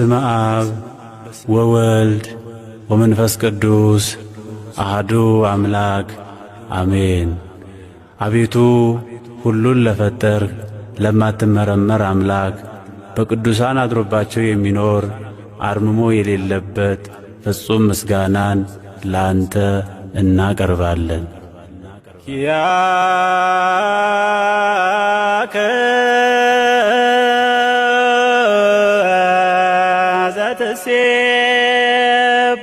በስመ አብ ወወልድ ወመንፈስ ቅዱስ አህዱ አምላክ አሜን። አቤቱ ሁሉን ለፈጠር ለማትመረመር አምላክ በቅዱሳን አድሮባቸው የሚኖር አርምሞ የሌለበት ፍጹም ምስጋናን ላንተ እናቀርባለን።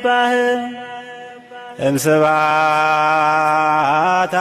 ገባህ እምስባታ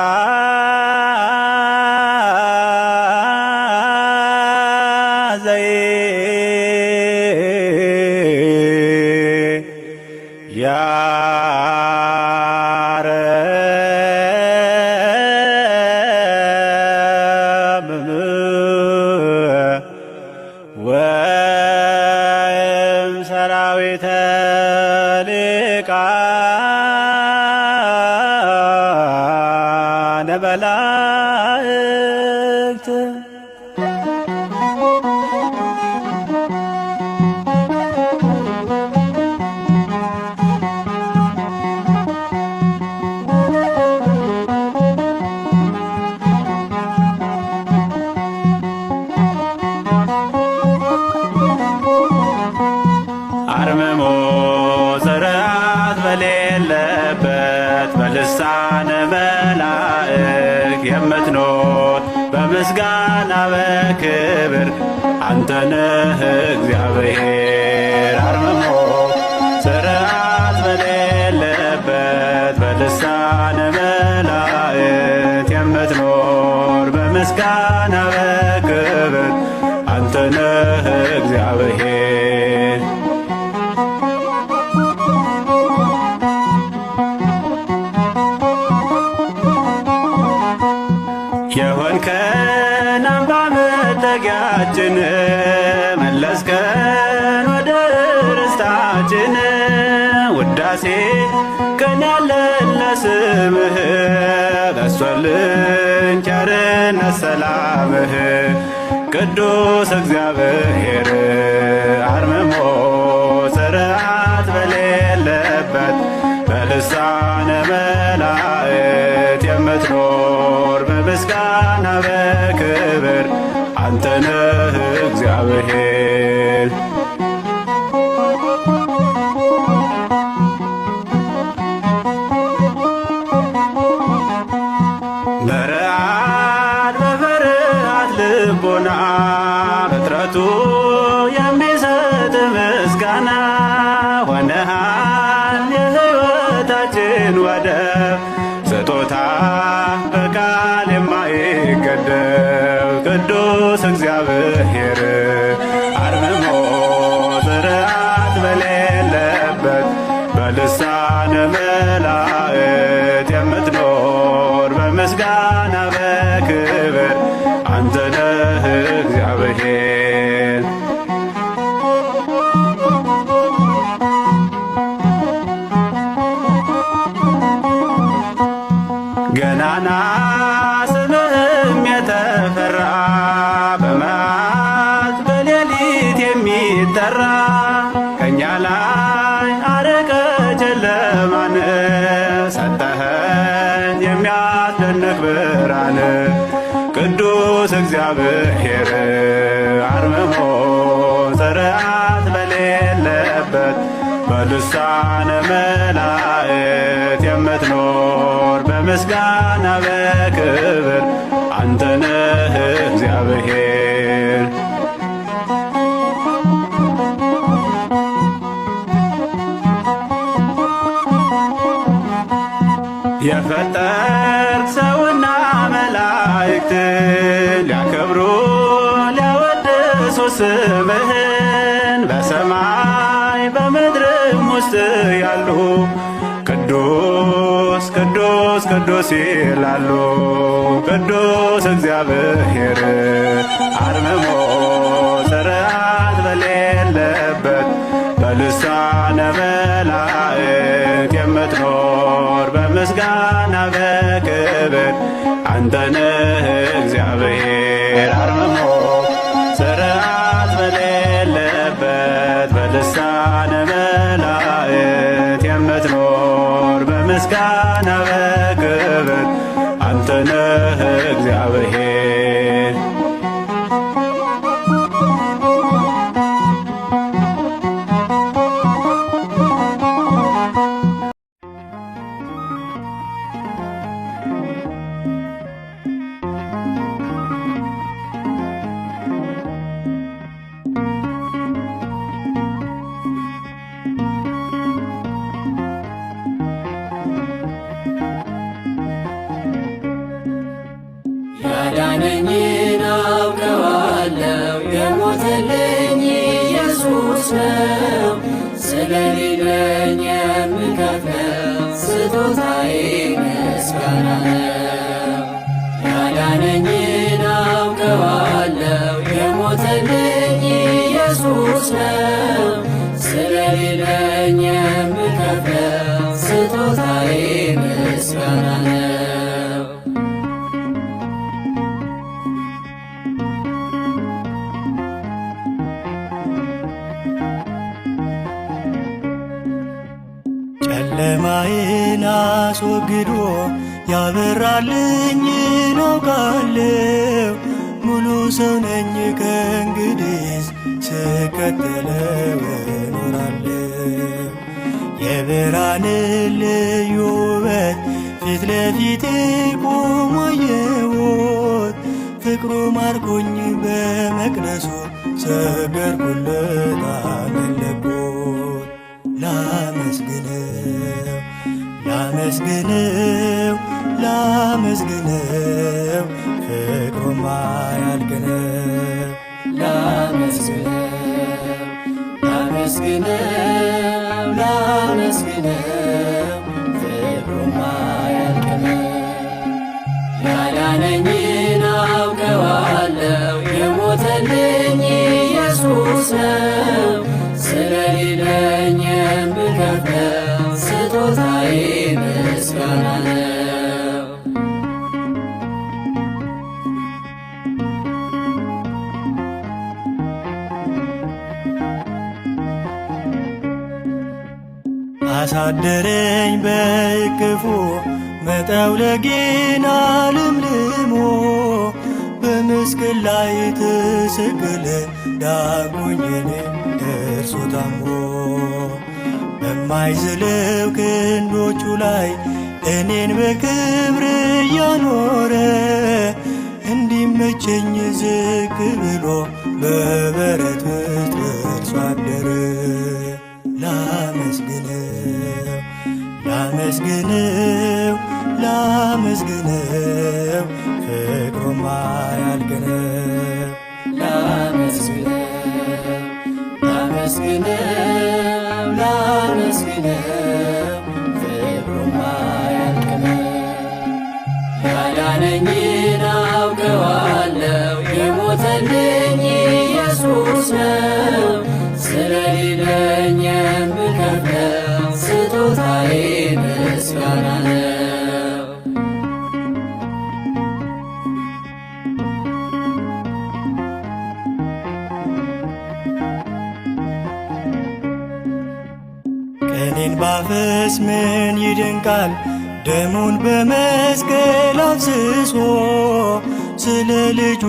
የምትኖት በምስጋና በክብር አንተነህ እግዚአብሔር ሰምከን አምባ መጠጊያችን መለስከን ወደ ርስታችን ውዳሴ ቀን ለስምህ በሶልን ቸርነት ሰላምህ ቅዱስ እግዚአብሔር እግዚአብሔር እግዚአብሔር አርምሞ ጽርዓት በሌለበት በልሳነ መላእክት የምትኖር በምስጋና በክብር አንተ ነህ እግዚአብሔር። የፈጠር ሰው ቅዱስ ይላሉ ቅዱስ እግዚአብሔር አርምሞ ስርዓት በሌለበት በልሳነ መላእክት የምትኖር በምስጋና በክብር አንተ ነህ እግዚአብሔር ክርስቶስ ነው። ስለሌለኝ የምከፍለው ስጦታዬ ምስጋና ነው። ጨለማዬን አስወግዶ ሙሉ ሰው ነኝ ከእንግዲህ ስከተለው እኖራለሁ የብርሃን ልዩ ውበት ፊት ለፊት ቆሞ የወት ፍቅሩ ማርኮኝ በመቅደሱ ሰገድኩለት አመለኩት ላመስግነው ላመስግነው ላመስግነው ፍቅሩ ማያል ላመስግነው ላመስግነው ላመስግነው ያሳደረኝ በእቅፉ መጠው ለጌና ልምልሞ በመስቀል ላይ ተሰቀለ ዳጎኝን ደርሶ ታሞ በማይዝለው ክንዶቹ ላይ እኔን በክብር እያኖረ እንዲመቸኝ ዝቅ ብሎ በበረት ውስጥ እርሶ አደረ። ላመስግነው ላመስግነው ላመስግነው ባፈስ ምን ይደንቃል? ደሙን በመስቀል አፍስሶ ስለ ልጁ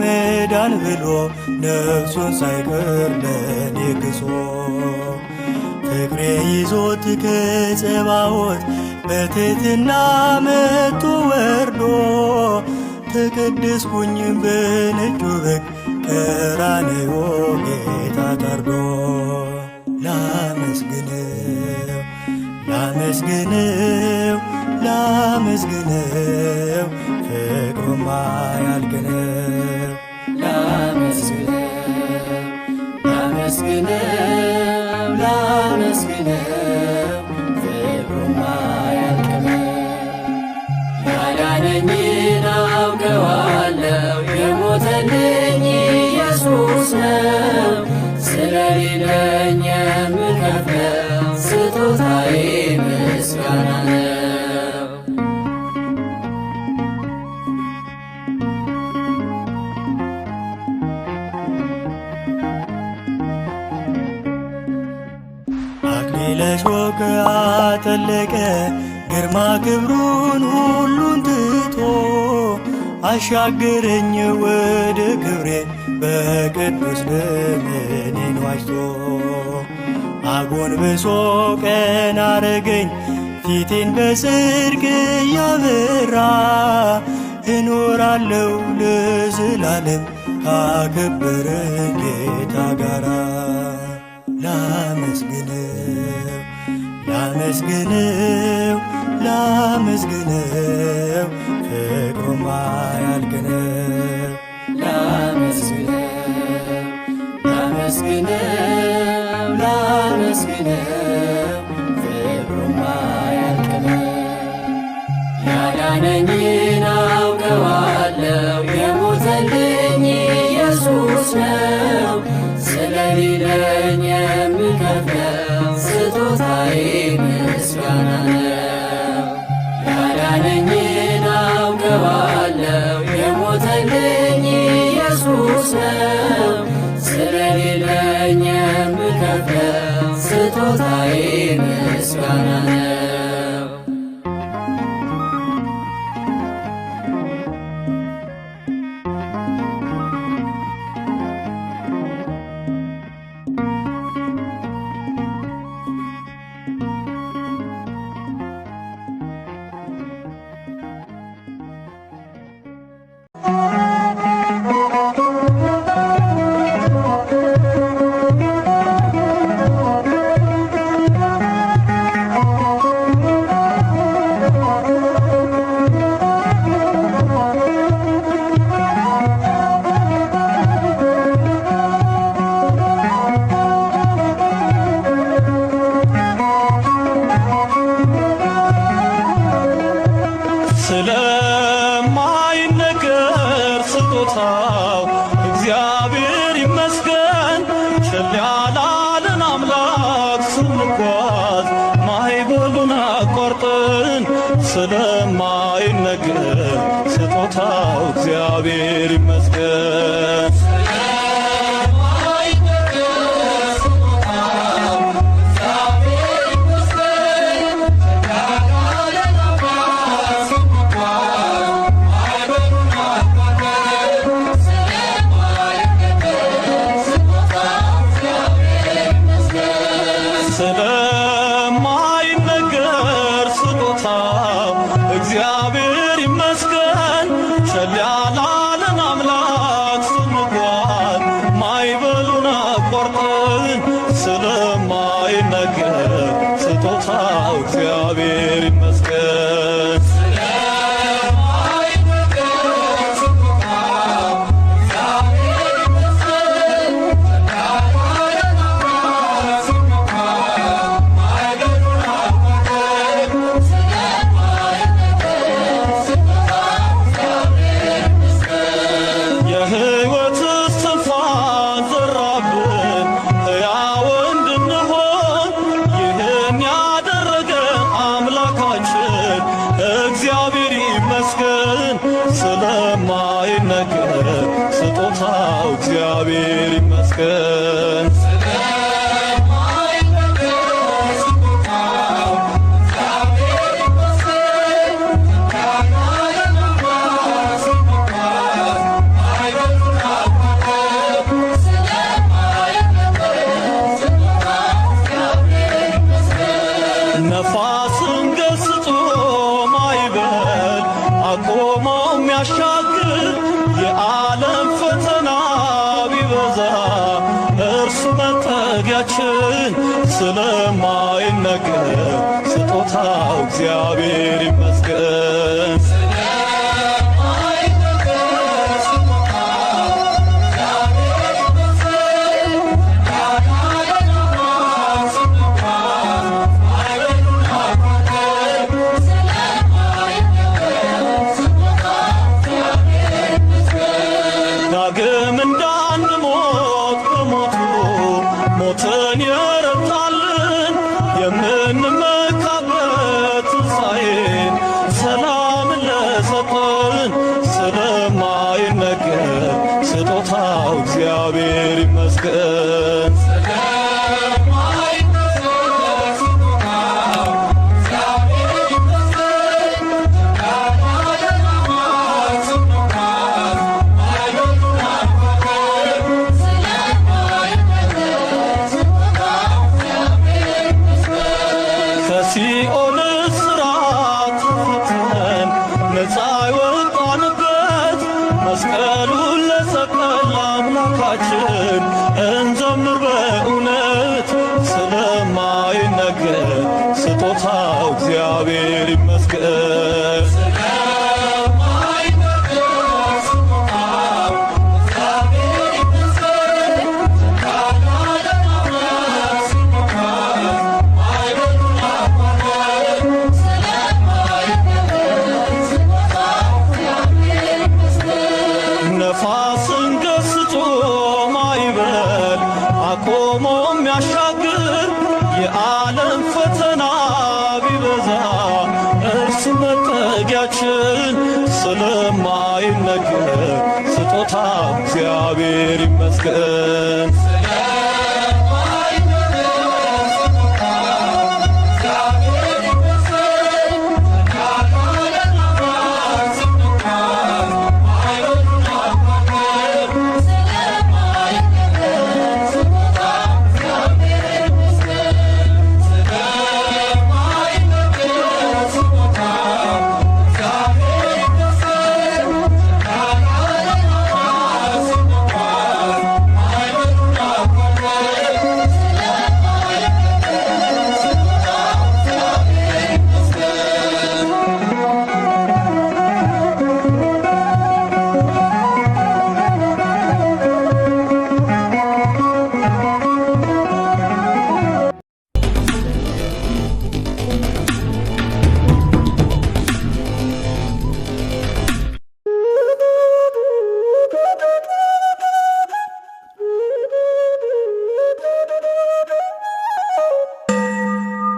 መዳን ብሎ ነፍሱን ሳይቀር ለኔ ፍቅሬ ይዞት ከጸባዖት በትትና መጥቶ ወርዶ ተቀደስኩኝ በነጩ በግ ቀራንዮ ጌታ ላ ላመስግነው ላመስግነው ፍቅሩማ ያልግነው ያዳነኝን አውቀዋለው የሞተልኝ ኢየሱስ ነው ኩያ ግርማ ክብሩን ሁሉን ትቶ አሻገረኝ ወደ ክብሬ በቅዱስ ደመኔን ዋጅቶ አጎንብሶ ቀን አረገኝ ፊቴን በጽድቅ እያበራ እኖራለው ለዘላለም ካከበረ ጌታ ጋራ ላመስግን ላመስግነው ላመስግነው ፍቅሩ ማያልቅነው ላመስግነው ላመስግነው ፍቅሩ ማያልቅነው ያዳነኝ oh. ቆርጦ ስለማይነገር ስጦታው እግዚአብሔር ነፋሱን ገስጾ ማዕበል አቆሞ የሚያሻግር የዓለም ፈተና ቢበዛ እርሱ መጠጊያችን ስለማይነገር ስጦታው እግዚአብሔር ይመ